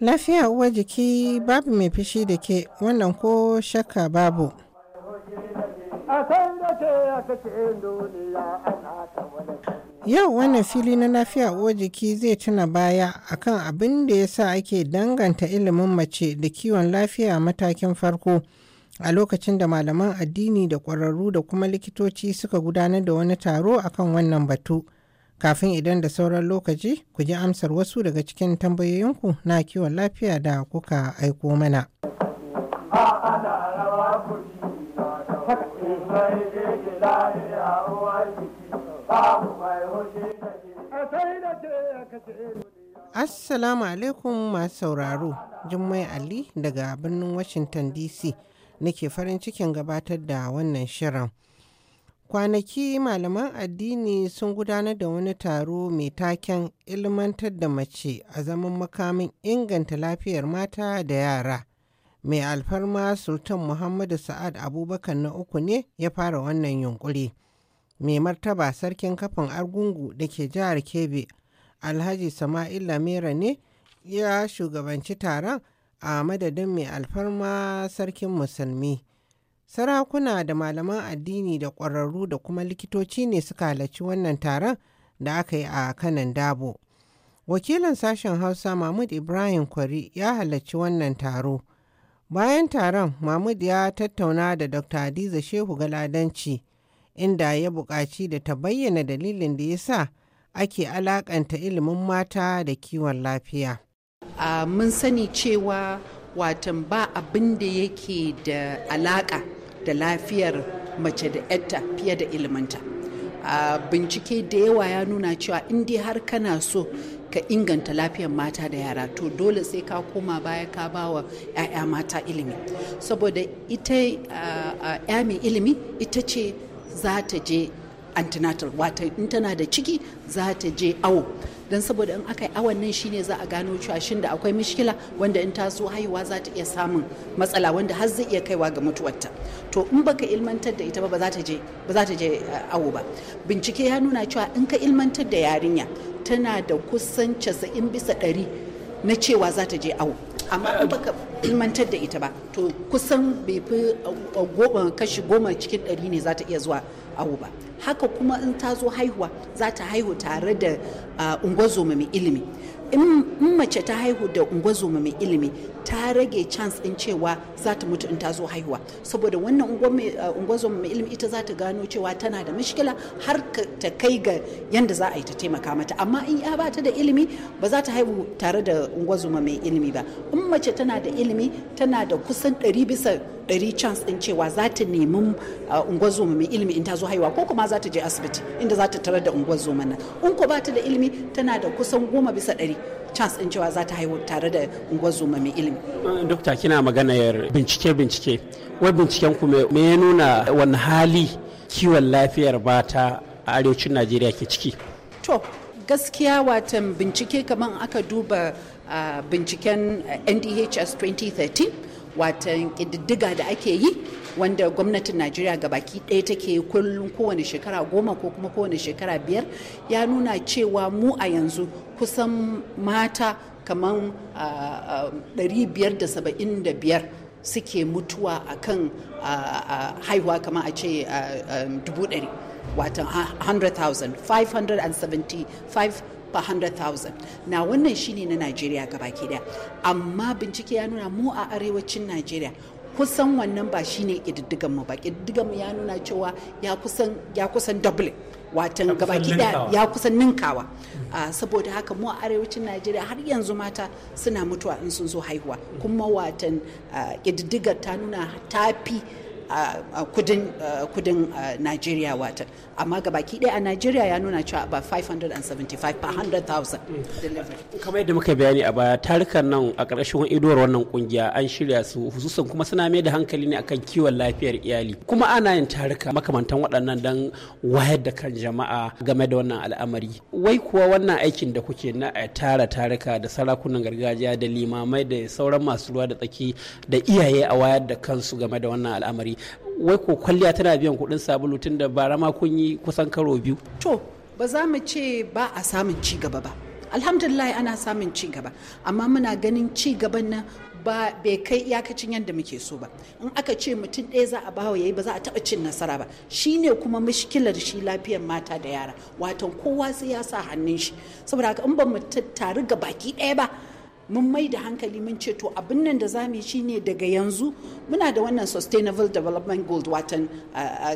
Lafiya uwa jiki babu mai fishi da ke wannan ko shakka babu. Yau wannan fili na lafiya uwa jiki zai tuna baya akan abin da ya sa ake danganta ilimin mace da kiwon lafiya matakin farko. a lokacin da malaman addini da ƙwararru da kuma likitoci suka gudanar da wani taro akan wannan batu kafin idan da sauran lokaci ku ji amsar wasu daga cikin tambayoyinku na kiwon lafiya da kuka aiko mana. Assalamu alaikum masu sauraro, Jummai Ali daga birnin Washington DC. nake farin cikin gabatar da wannan shirin. Kwanaki malaman addini sun gudanar da wani taro mai taken ilmantar da mace a zaman makamin inganta lafiyar mata da yara. Mai alfarma Sultan Muhammadu Sa'ad Abubakar na uku ne ya fara wannan yunkuri. Mai martaba sarkin kafin argungu da ke jihar Kebe. Alhaji Sama'il Lamira ne ya shugabanci taron a madadin mai alfarma sarkin musulmi sarakuna da malaman addini da ƙwararru da kuma likitoci ne suka halarci wannan taron da aka yi a kanan dabo wakilin sashen hausa mahmud ibrahim kwari ya halarci wannan taro bayan taron mahmud ya tattauna da dr hadiza shehu galadanci inda ya buƙaci da ta bayyana dalilin da ya sa ake alaƙanta ilimin mata da kiwon lafiya. mun sani cewa watan ba abin da yake da alaka da lafiyar mace da yatta fiye da ilmanta bincike da yawa ya nuna cewa indi har kana so ka inganta lafiyar mata da yara to dole sai ka koma baya ka ba wa 'ya'ya mata ilimi saboda ita 'ya mai ilimi ita ce za ta je antenatal wata in tana da ciki za ta je awo don saboda in aka yi awan nan shine za a gano cewa shin da akwai mishkila wanda in taso haihuwa za ta iya samun matsala wanda har zai iya kaiwa ga mutuwarta to in baka ilmantar da ita ba ba za ta je ba za ta je eh, awo ba bincike ya nuna cewa in ka ilmantar da yarinya tana da kusan 90 bisa 100 na cewa za ta je awo amma in baka ilmantar da ita ba to kusan bai fi uh, kashi goma cikin ɗari ne za ta iya zuwa awo ba haka kuma in ta zo haihuwa za ta haihu tare da uh, ungozoma mai ilimi in mace ta haihu da ungozoma mai ilimi ta rage chance in cewa za ta mutu in ta zo haihuwa saboda wannan eh, ungozoma mai ilimi ita za ta gano cewa tana da mishkila har ta kai ga yadda za a yi ta taimaka mata amma in ya ba ta da ilimi ba za ta haihu tare da ungozoma mai ilimi ba in mace tana da ilimi tana da kusan ɗari bisa ɗari chance ɗin cewa za ta nemi uh, unguwar mai ilimi in ta zo haihuwa ko kuma za ta je asibiti inda za ta tarar da unguwar zoma nan in ko ba ta da ilimi tana da kusan goma bisa ɗari chance ɗin cewa za ta haihu tare da unguwar zoma mai ilimi. Uh, dokta kina maganar bincike bincike wai binciken ku me ya nuna wani hali kiwon lafiyar bata a arewacin najeriya ke ciki. to gaskiya watan bincike kamar aka duba uh, binciken ndhs 2013 watan ƙididdiga da ake yi wanda gwamnatin najeriya ga baki ɗaya take kullum kowane shekara goma ko kuma kowane shekara biyar ya nuna cewa mu a yanzu kusan mata kamar biyar suke mutuwa a kan haihuwa kamar a ce 100,000 watan per 100,000 na wannan shine na najeriya gabaki daya amma bincike ya nuna mu a arewacin najeriya kusan wannan ba shine ƙididdigan mu ba ƙididdigan mu ya nuna cewa ya kusan ya kusan double watan gabaki da ya kusan ninkawa ah, saboda haka mu a arewacin najeriya har yanzu mata suna mutuwa in sun zo haihuwa kuma watan ah, ƙididdigar ta nuna tafi a kudin Najeriya wata amma gabaki ɗaya a Najeriya ya nuna cewa ba 575 per 100,000 kamar yadda muka bayani a baya tarukan nan a ƙarshen idowar wannan kungiya an shirya su hususan kuma suna mai da hankali ne akan kiwon lafiyar iyali kuma ana yin taruka makamantan waɗannan don wayar da kan jama'a game da wannan al'amari wai kuwa wannan aikin da kuke na a eh, tara taruka da sarakunan gargajiya da limamai da sauran masu ruwa da tsaki da iyaye a wayar da kansu game da wannan al'amari wai ko kwalliya tana biyan kuɗin sabulu tun da bara ma kun yi kusan karo biyu to ba za mu ce ba a samun ci gaba ba alhamdulillah ana samun ci gaba amma muna ganin ci gaban nan ba bai kai iyakacin yadda muke so ba in aka ce mutum ɗaya za a bawa yayi ba za a taɓa cin nasara ba shine kuma mishkilar shi lafiyar mata da yara watan kowa sai ya sa hannun shi saboda haka in ba mu tattaru ga baki ɗaya ba mun mai da hankali mun ce to abin nan da za mu yi shine daga yanzu muna da wannan sustainable development goal watan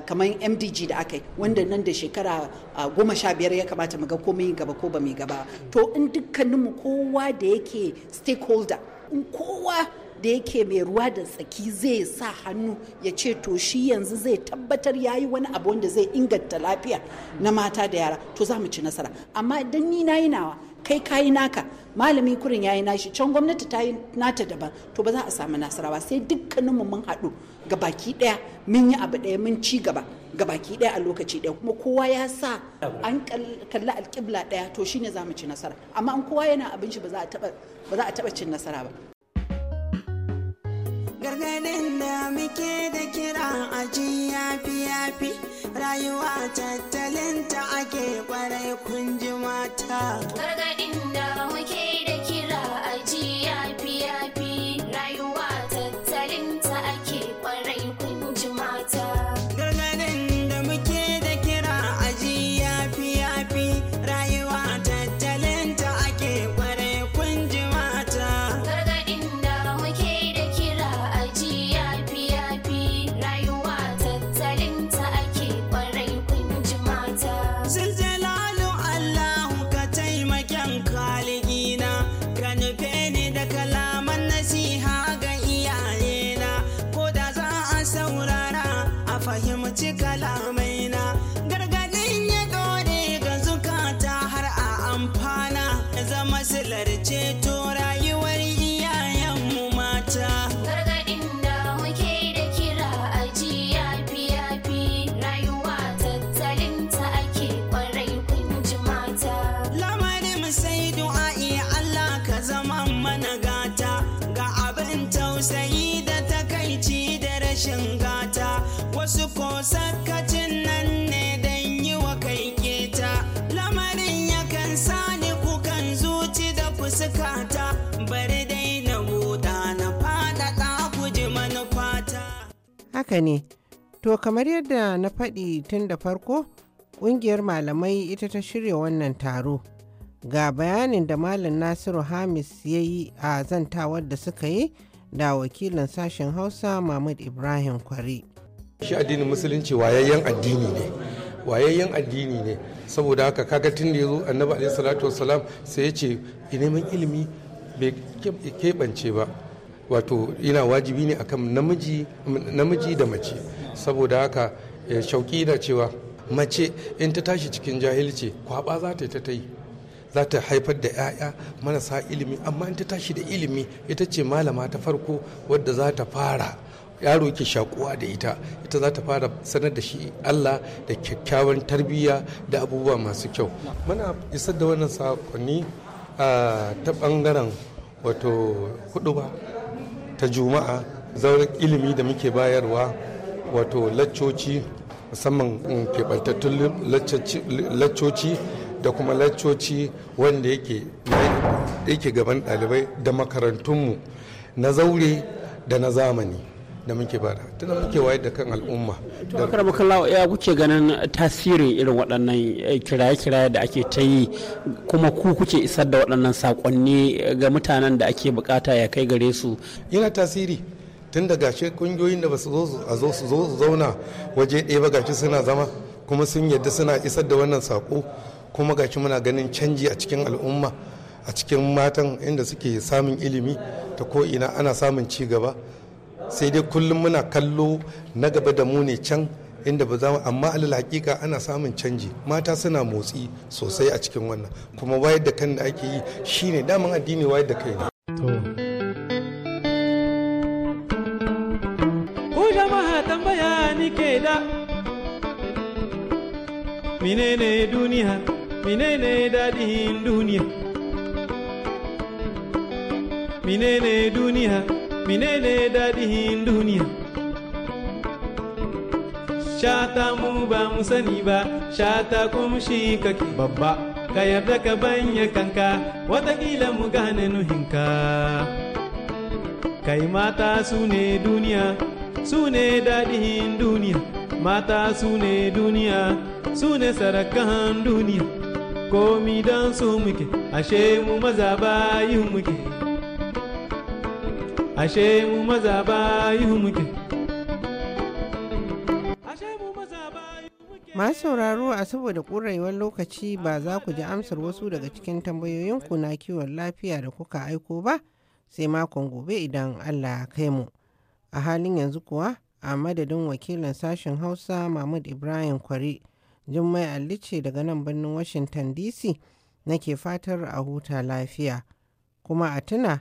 kamar mdg da aka yi wanda nan da shekara goma sha biyar ya kamata mu ga ko mai gaba ko ba mu gaba to in dukkaninmu kowa da yake stakeholder in kowa da yake mai ruwa da tsaki zai sa hannu ya ce to shi yanzu zai tabbatar ya yi wani abu wanda zai inganta lafiya na mata da yara to za mu ci nasara amma idan ni na yi nawa kai kayi naka malami kurin yayi nashi can gwamnati ta yi nata daban to ba za a samu nasarawa sai dukkaninmu mun haɗu ga baki ɗaya mun yi abu ɗaya mun ci gaba ga baki ɗaya a lokaci ɗaya kuma kowa ya sa an kalli alƙibla ɗaya to shine za mu ci nasara amma an kowa yana abinci shi ba za a taɓa cin nasara ba gargadin da muke da kira a ji yafi yafi rayuwa tattalin ta ake kwarai kun ji mata gargadin da muke da kira a yafi yafi Calling. nan ne don yi wa lamarin yakan sani kukan zuci da fuskata bari dai na buɗa na faɗaɗa haka ne to kamar yadda na faɗi tun da farko ƙungiyar malamai ita ta shirya wannan taro ga bayanin da malam nasiru hamis ya yi a zantawar da suka yi da wakilin sashen hausa mahmud ibrahim kwari shi addinin musulunci wayayyen addini ne wayayyen addini ne saboda haka kaga tun da yazo zo annabi alayhi salatu wassalam sai ya ce neman ilimi bai keɓance ba wato yana wajibi ne akan namiji da mace saboda haka eh, shauki da cewa mace in ta tashi cikin jahilci kwaba za ta yi ta yi za ta haifar da 'ya'ya marasa ilimi amma in ta tashi da ilimi ita ce malama ta farko wadda za ta fara yaro ke shakuwa da ita ita za ta fara sanar da shi Allah da kyakkyawan tarbiyya da abubuwa masu kyau muna isar da wannan sakonni ta bangaren wato ba ta juma'a zaurin ilimi da muke bayarwa wato laccoci musamman mm, keɓantattun laccoci da kuma laccoci wanda yake gaban ɗalibai da makarantunmu na zaure da na zamani da muke bada tunan muke wayar da kan al'umma to akara bakalla ya kuke ganin tasirin irin waɗannan eh, kiraye-kiraye da ake ta yi kuma ku kuke isar da waɗannan saƙonni eh, ga mutanen da ake bukata ya kai gare su yana tasiri tun da gashe kungiyoyin da ba su zo su zauna waje ɗaya ba gashi suna zama kuma sun yadda suna isar da wannan saƙo kuma gashi muna ganin canji a cikin al'umma a cikin matan inda suke samun ilimi ta ko ina ana samun ci gaba sai dai kullum muna kallo na gaba da mu ne can inda ba za mu amma alal hakika ana samun canji mata suna motsi sosai a cikin wannan kuma wayar da kan da ake yi shine daman addini wayar da kai ne ku jama'a tambaya ni ke da menene duniya menene dadin duniya menene duniya menene dadihin duniya shata mu ba mu sani ba shata kuma shi kake babba ka yarda ka banya kanka watakila mu gane nuhinka kai mata su ne duniya su ne dadihin duniya mata su ne duniya su ne sarakan duniya komi don su muke ashe mu maza yi muke ashe mu maza ba yi muke masu sauraro a saboda ƙurewar lokaci ba za ku ji amsar wasu daga cikin tambayoyinku na kiwon lafiya da kuka aiko ba sai makon gobe idan allah kai mu a halin yanzu kuwa a madadin wakilin sashen hausa mahmud ibrahim kwari jummai allice daga nan birnin washington dc nake fatar a huta lafiya kuma a tuna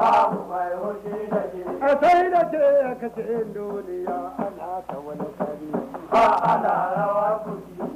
babu mai hoshi da ke a sai da ce ka ce duniya ana ta wani rawa